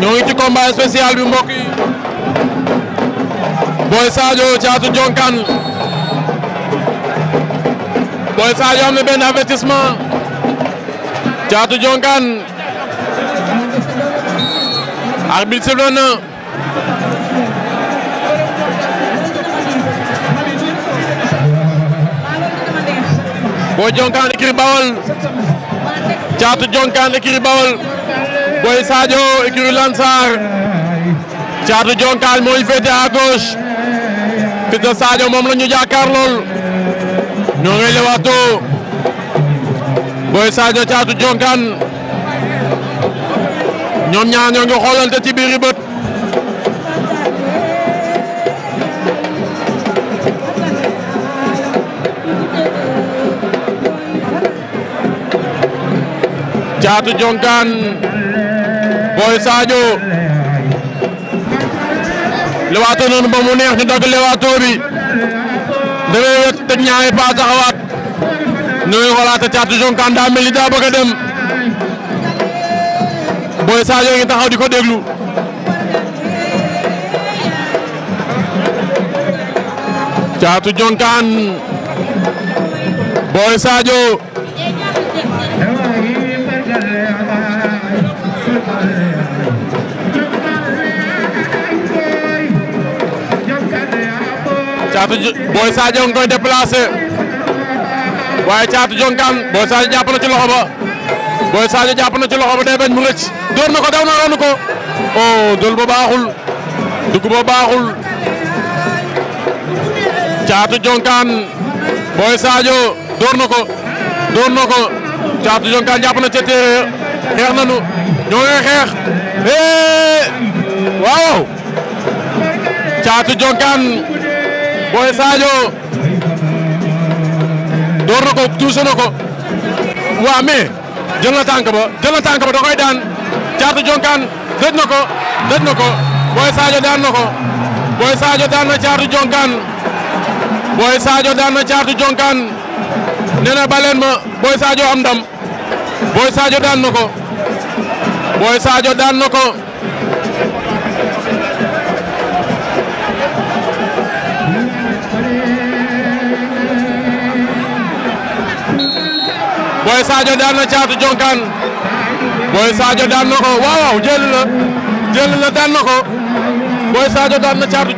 ñoo ngi ci combat spécial bi mbokk yi Boy Sadio Thiatou Dionkane Boy Sadio am na benn avertissement Thiatou Dionkane arbitre sifflé na Boy Bawol Caatu Jonkaan écurie Bawol Boy Sadio écurie Lansar Caatu Jonkaan mooy féete à gauche Fils de moom la ñu jàkkaar lool ñoo ngi lewaatoo Boy Sadio Caatu Jonkaan ñoom ñaar ñoo ngi xoolante ci biir bët Caatu Jonkaan Boy Sadio lewaatoo noonu ba mu neex ñu dagg lewaatoo bi demee te ñaari pas taxawaat ñu ngi Caatu Jonkaan daa mel daa bëgg a dem Boy ngi taxaw di ko déglu Caatu Jonkaan Boy Sadio caatu booy Sadio nga koy déplacé waaye caatu jonkaan booy Sadio jàpp na ci loxo ba booy Sadio jàpp na ci loxo ba day bañ mu rëcc dóor na ko daw na ronu ko oh dóor ba baaxul dugg ba baaxul caatu jonkaan booy Sadio dóor na ko dóor na ko caatu jonkaan jàpp na ca téere xeex nanu ñoo ngi xeex waaw caatu jonkaan Boy Sadio door na ko tuuse waa mais jël na tànk ba jël na tànk ba da daan caatu jonkaan dëj na ko dëj na ko Boy Sadio daan na ko Boy Sadio daan na caatu jonkaan Boy Sadio daan na caatu jonkaan nee na baleen ma Boy Sadio am ndam Boy Sadio daan na ko Boy Sadio daan na ko Boy Sadio daan na Caatu Jonkaan Boy Sadio daan na ko waaw waaw jël la jël la daan na ko Boy Sadio daan na Caatu